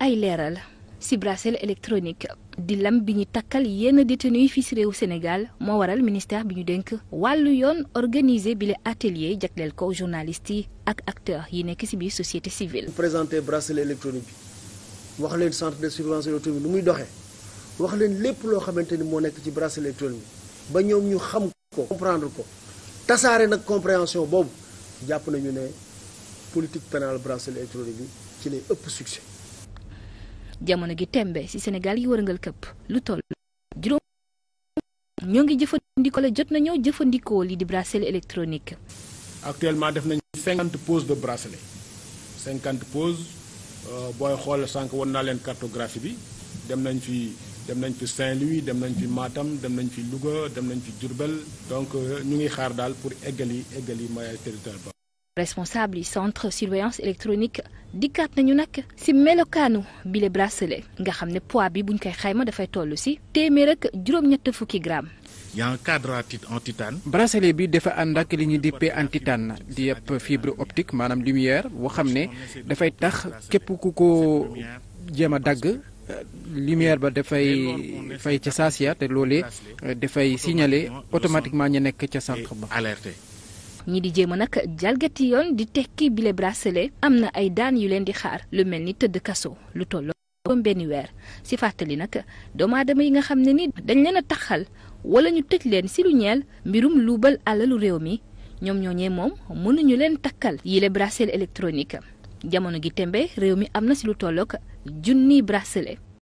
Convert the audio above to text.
ay leeral ci bracelet électronique di lam bi ñu takkal yenn détenu yi fii si réewu Sénégal moo waral ministère bi ñu denk wàllu yoon organisé bi le atelier jagleel ko journaliste yi ak acteur yi nekk ci biir société civile. présenté bracelet électronique bi wax leen centre de surveillance électronique bi lu muy doxee wax leen lépp loo xamante ni moo nekk ci bracelet électronique ba ñoom ñu xam ko comprendre ko tasaare nag compréhension boobu jàpp nañu ne politique pénale bracelet électronique bi ci lay ëpp succès. jamono gi tembe ci Sénégal yi wërngal këpp lu toll juróom ñoo ngi jëfandikoo la jot nañoo jëfandikoo lii di bracelet électronique. actuellement def nañ cinquante pose de bracelet cinquante poses euh, booy xool sànq won naa leen cartographie bi dem nañ fi dem nañ fi Saint-Louis dem nañ fi Matam dem nañ fi Louga dem nañ fi Diourbel donc euh, ñu ngi xaar daal pour eggali eggali maillage territorial ba. responsable yi centre surveillance électronique dikkaat nañu nag ci melokaanu bile bracelet nga xam ne poids bi buñ koy xayma dafay toll ci téeméer ak juróom-ñett fukki gramme. y a un cadre en bi dafa ànd ak li ñu dippee en titane di yëpp fibre optique maanaam lumière boo xam ne dafay tax képp ku ko jéem a dagg. Euh, lumière ba dafay fay ca saasiya te loolee euh, dafay signaler automatiquement ñu nekk ca centre ba. alerté. ñi di jéem a nag jalgati yoon di tekki bile bracelet am na ay daan yu leen di xaar lu mel ni tëdd kaso lu tolloo benn weer ci fàttali nag doomu aadama yi nga xam ne ni dañ leen a taxal wala ñu tëj leen ci lu ñeel mbirum luubal alalu réew mi ñoom ñooñee moom mënuñu leen takkal yile bracelet électronique jamono gi tembe réew mi am na ci lu tollook junni bracelet